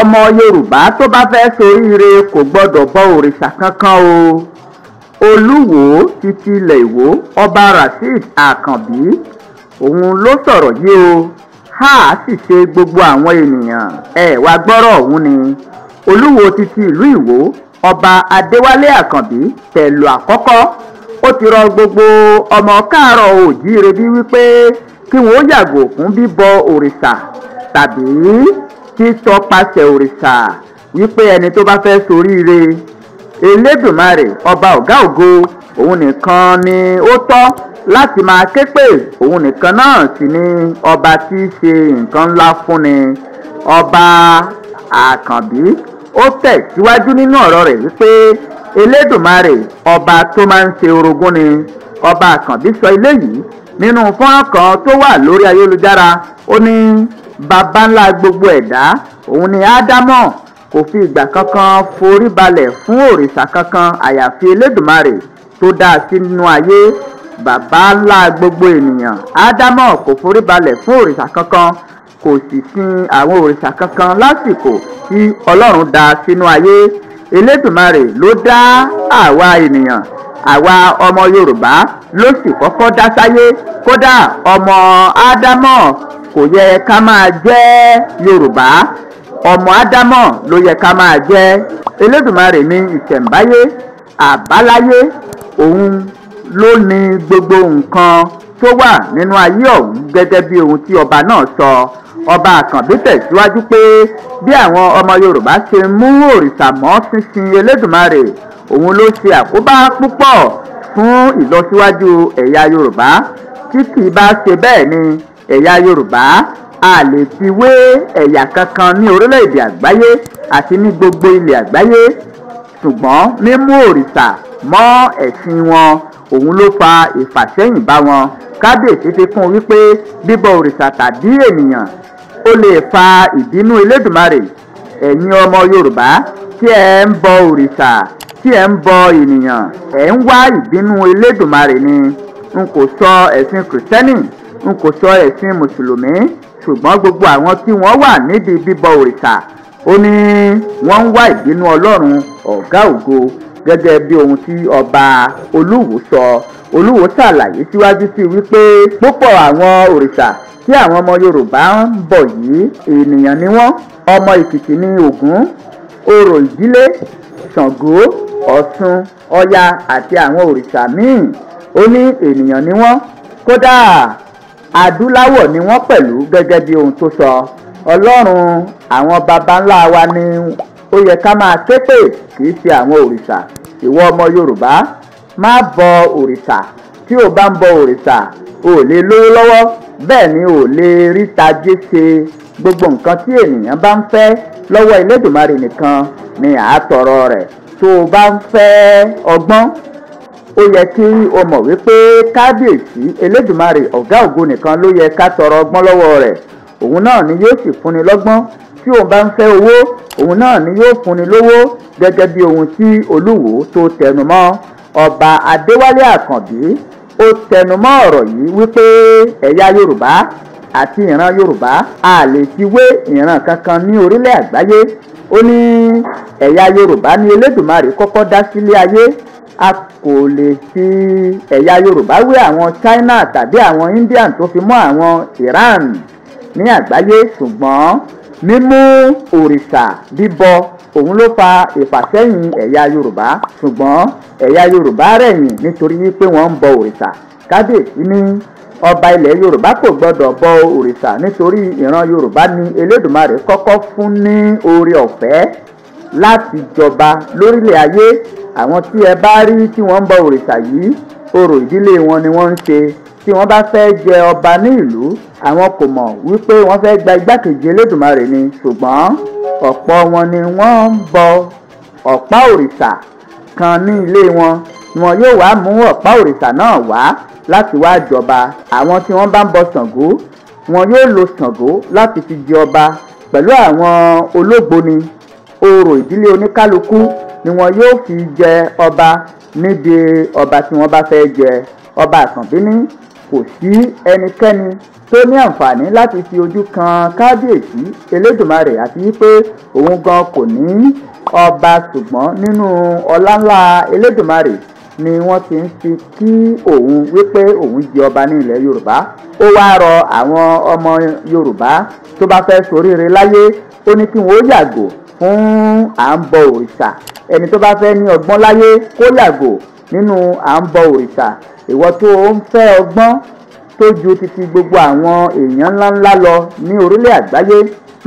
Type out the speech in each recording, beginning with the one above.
ọmọ yorùbá tó bá fẹ́ ṣoríire kò gbọ́dọ̀ bọ òrìṣà kankan o olúwo ti ti ilẹ̀ ìwò ọba rasheed àkànbí òun ló sọ̀rọ̀ yìí o ha sì ṣe gbogbo àwọn ènìyàn ẹ wá gbọ́rọ̀ ọ̀hún ni olúwo ti ti ìlú ìwò ọba adéwálé àkànbí tẹ̀lú àkọ́kọ́ ó ti rọ gbogbo ọmọ káàárọ̀ òjíire bí wípé kí wọ́n yàgò fún bíbọ òrìṣà tàbí sísọ pasẹ̀ òrìṣà wípé ẹni tó bá fẹ́ soríire elédùnmarè ọba ọ̀gá ògo òun nìkan ni ó tọ́ láti máa ké pè òun nìkan náà sì ni ọba tí í ṣe nǹkan ńlá fúnni ọba àkànbí ó tẹ̀ síwájú nínú ọ̀rọ̀ rẹ̀ wípé elédùnmarè ọba tó máa ń ṣe orogún ni ọba àkànbí sọ eléyìí nínú fọ́nrán kan tó wà lórí ayélujára ó ní baba ńlá gbogbo ẹ̀dá òun ni ádámọ̀ kò fi ìgbà kankan forí balẹ̀ fún òrìṣà kankan àyàfi elédùmarè tó dá a sínú ayé baba ńlá gbogbo ènìyàn ádámọ̀ kò forí balẹ̀ fún òrìṣà kankan kò sì sin àwọn òrìṣà kankan lásìkò tí ọlọ́run dá a sínú ayé elédùmarè ló dá àwa ènìyàn àwa ọmọ yorùbá ló sì kọ́kọ́ dá sáyé kódà ọmọ ádámọ̀ kò yẹ ká máa jẹ́ yorùbá ọmọ ádámọ̀ ló yẹ ká máa jẹ́ elédùnmarè ní ìṣẹ̀ǹbáyé àbáláyé òun ló ní gbogbo nǹkan tó wà nínú ayé ọ̀hún gẹ́gẹ́ bí ohun tí ọba náà sọ ọba àkànbí tẹ̀síwájú pé bí àwọn ọmọ yorùbá ṣe mú òrìṣà mọ́ ṣinṣin elédùnmarè òun ló ṣe àkóbá púpọ̀ fún ìlọsíwájú ẹ̀yà yorùbá tí kì í bá ṣe bẹ́ẹ̀ ni ẹ̀yà yorùbá a lè fi wé ẹ̀yà kankan ní orílẹ̀-èdè àgbáyé àti ní gbogbo ilẹ̀ àgbáyé ṣùgbọ́n mímú òrìṣà mọ́ ẹ̀sìn wọn òun ló fa ìfàsẹ́yìn bá wọn kábíyèsí fi kún wípé bíbọ òrìṣà tàbí ènìyàn ó lè fa ìbínú elédùnmarè ẹ̀yin ọmọ yorùbá tí ẹ ń bọ òrìṣà tí ẹ ń bọ ènìyàn ẹ ń wá ìbínú elédùnmarè ni n kò sọ ẹ̀sìn kìrìsìtẹ́nì n kò sọ ẹ̀sìn mùsùlùmí ṣùgbọ́n gbogbo àwọn tí wọ́n wà nídìí bíbọ òrìṣà ó ní wọ́n ń wá ìbínú ọlọ́run ọ̀gá ògo gẹ́gẹ́ bí ohun tí ọba olúwo sọ olúwo ṣàlàyé síwájú sí wípé púpọ̀ àwọn òrìṣà tí àwọn ọmọ yorùbá ń bọ̀ yìí ènìyàn ni wọ́n ọmọ èkìtì ní ògún orò ìdílé ṣàngó ọ̀ṣun ọya àti àwọn òrìṣà míì ó ní ènìyàn ni wọ́n kódà adúláwọ̀ ni wọ́n pẹ̀lú gẹ́gẹ́ bí ohun tó sọ ọlọ́run àwọn baba ńlá wa ni ó yẹ ká máa ṣépè kì í ṣe àwọn òrìṣà ìwọ ọmọ yorùbá má bọ òrìṣà tí o bá ń bọ òrìṣà o ò lè lówó lọ́wọ́ bẹ́ẹ̀ ni o ò lè ríta jẹ́ ṣe gbogbo nǹkan tí ènìyàn bá ń fẹ́ lọ́wọ́ Elédùmarè nìkan ni àá tọrọ rẹ̀ tó o bá ń fẹ́ ọgbọ́n ó yẹ kí o mọ̀ wípé kábíyèsí elédùnmarè ọ̀gá ògo nìkan ló yẹ ká tọrọ ọgbọ́n lọ́wọ́ rẹ̀ òun náà ni yóò sì fúnni lọ́gbọ́n tí òun bá ń fẹ́ owó òun náà ni yóò fúnni lówó gẹ́gẹ́ bí ohun tí olúwo tó tẹnu mọ́ ọba adéwálé àkànbí ó tẹnu mọ́ ọ̀rọ̀ yìí wípé ẹ̀yà yorùbá àti ìran yorùbá a lè ti wé ìran kankan ní orílẹ̀ àgbáyé ó ní ẹ̀yà yorùbá ni elédùnmarè kọ́kọ́ dá sílé ayé a kò lè fi ẹ̀yà yorùbá wé àwọn china tàbí àwọn indian tó fi mọ́ àwọn iran ní àgbáyé ṣùgbọ́n mímú òrìṣà bíbọ òun ló fa ìfàsẹ́yìn ẹ̀yà yorùbá ṣùgbọ́n ẹ̀yà yorùbá rẹ̀yìn nítorí pé wọ́n ń bọ òrìṣà kábíyèsí ní ọba ilẹ̀ yorùbá kò gbọdọ̀ bọ òrìṣà nítorí ìran yorùbá ni elédùmarè kọ́kọ́ fún ní oore ọ̀fẹ́ láti jọba lórílẹ̀ ayé àwọn tí ẹ bá rí tí wọ́n ń bọ òrìṣà yìí orò ìdílé wọn ni wọ́n ń ṣe tí wọ́n bá fẹ́ jẹ ọba ní ìlú àwọn kò mọ̀ wípé wọ́n fẹ́ gba igbákejì elédùnmarè ni ṣùgbọ́n ọ̀pọ̀ wọn ni wọ́n ń bọ ọ̀pá òrìṣà kan ní ilé wọn ni wọn yóò wá mú ọ̀pá òrìṣà náà wá láti wá jọba àwọn tí wọ́n bá ń bọ Ṣàngó wọn yóò lo Ṣàngó láti fi jẹ ọba pẹ̀lú àwọn ológboni orò ìdílé oníkálukú ni wọn yóò fi jẹ ọba níbi ọba tí wọ́n bá fẹ́ jẹ ọba àkànbíní kò sí ẹnikẹ́ni tó ní àǹfààní láti fi ojú kan kábíyèsí elédùmarè àti wípé òun gan kò ní ọba ṣùgbọ́n nínú ọláńlá elédùmarè ni wọ́n ti ń fi kí òun wípé òun jẹ ọba ní ilẹ̀ yorùbá ó wá rọ àwọn ọmọ yorùbá tó bá fẹ́ ṣoríire láyé ó ní kí wọ́n ó yàgò fún à ń bọ òrìṣà ẹni tó bá fẹ́ ní ọgbọ́n láyé kó yàgò nínú à ń bọ òrìṣà ìwọ tó ń fẹ́ ọgbọ́n tó ju titi gbogbo àwọn èèyàn ńláńlá lọ ní orílẹ̀ àgbáyé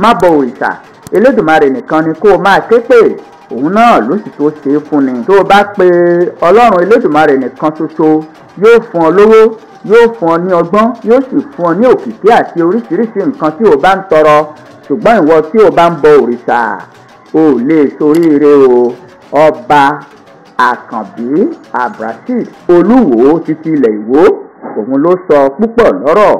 má bọ òrìṣà elédùnmarè nìkan ni kó o máa ké pè òun náà ló sì tó ṣe é fún ni. tó o bá pe ọlọ́run elédùnmarè nìkan ṣoṣo yóò fún ọ lówó yóò fún ọ ní ọgbọ́n yóò sì fún ọ ní òkìkí àti oríṣiríṣi nǹkan tí o bá ń tọrọ ṣùgbọ́n ìwọ tí o bá ń bọ òrìṣà ò lè soríire o ọba àkànbí abdulrasheed olúwo ti tilẹ̀ ìwọ òun ló sọ púpọ̀ lọ́rọ̀